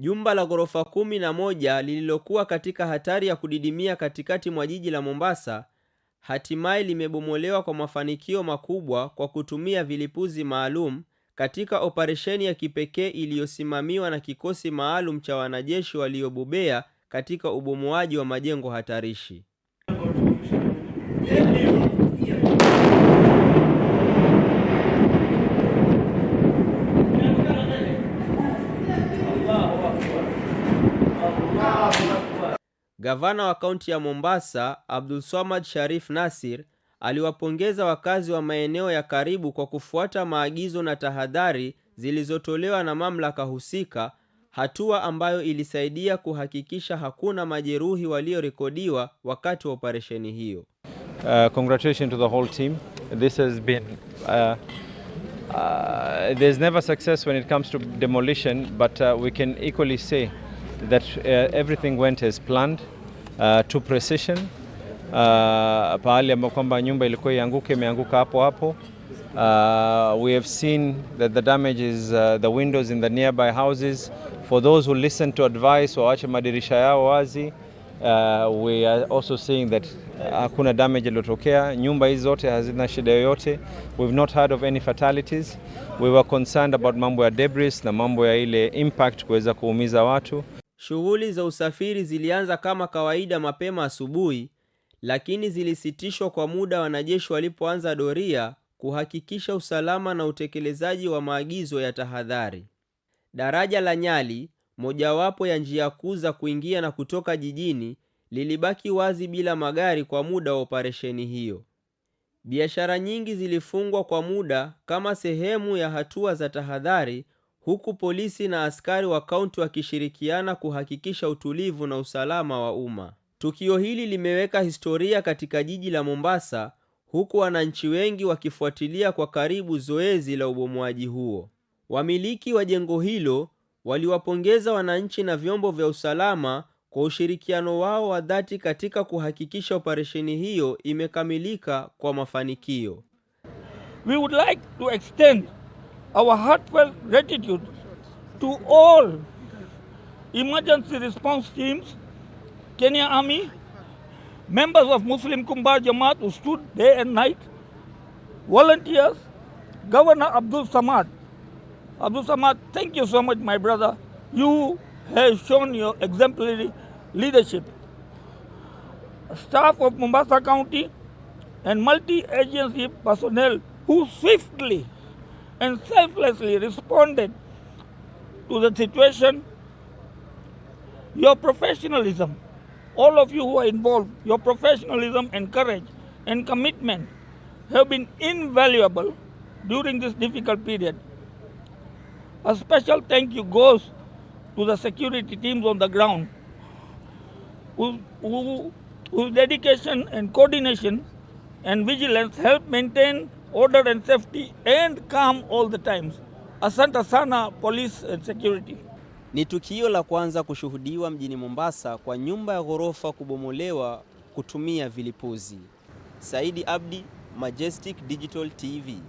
Jumba la ghorofa kumi na moja lililokuwa katika hatari ya kudidimia katikati mwa jiji la Mombasa hatimaye limebomolewa kwa mafanikio makubwa kwa kutumia vilipuzi maalum katika operesheni ya kipekee iliyosimamiwa na kikosi maalum cha wanajeshi waliobobea katika ubomoaji wa majengo hatarishi. Gavana wa kaunti ya Mombasa, Abdul Swamad Sharif Nasir, aliwapongeza wakazi wa maeneo ya karibu kwa kufuata maagizo na tahadhari zilizotolewa na mamlaka husika, hatua ambayo ilisaidia kuhakikisha hakuna majeruhi waliorekodiwa wakati wa operesheni hiyo. Uh, congratulations to the whole team. This has been uh, uh, there's never success when it comes to demolition but uh, we can equally say that uh, everything went as planned uh, to precision uh, pahali ambapo kwamba nyumba ilikuwa ianguke imeanguka hapo hapo. Uh, we have seen that the damage is uh, the windows in the nearby houses for those who listen to advice waache madirisha yao wazi. Uh, we are also seeing that hakuna damage iliyotokea. Nyumba hizi zote hazina shida yoyote. We've not heard of any fatalities. We were concerned about mambo ya debris na mambo ya ile impact kuweza kuumiza watu. Shughuli za usafiri zilianza kama kawaida mapema asubuhi, lakini zilisitishwa kwa muda wanajeshi walipoanza doria kuhakikisha usalama na utekelezaji wa maagizo ya tahadhari. Daraja la Nyali, mojawapo ya njia kuu za kuingia na kutoka jijini, lilibaki wazi bila magari kwa muda wa operesheni hiyo. Biashara nyingi zilifungwa kwa muda kama sehemu ya hatua za tahadhari huku polisi na askari wa kaunti wakishirikiana kuhakikisha utulivu na usalama wa umma. Tukio hili limeweka historia katika jiji la Mombasa, huku wananchi wengi wakifuatilia kwa karibu zoezi la ubomoaji huo. Wamiliki wa jengo hilo waliwapongeza wananchi na vyombo vya usalama kwa ushirikiano wao wa dhati katika kuhakikisha operesheni hiyo imekamilika kwa mafanikio. We would like to extend our heartfelt gratitude to all emergency response teams, Kenya Army, members of Muslim Kumbar Jamaat who stood day and night, volunteers, Governor Abdul Samad. Abdul Samad, thank you so much, my brother. You have shown your exemplary leadership. Staff of Mombasa County and multi agency personnel who swiftly and selflessly responded to the situation. Your professionalism, all of you who are involved, your professionalism and courage and commitment have been invaluable during this difficult period. A special thank you goes to the security teams on the ground whose, who, whose dedication and coordination and vigilance help maintain order and safety and calm all the times. Asante sana police and security. Ni tukio la kwanza kushuhudiwa mjini Mombasa kwa nyumba ya ghorofa kubomolewa kutumia vilipuzi. Saidi Abdi, Majestic Digital TV.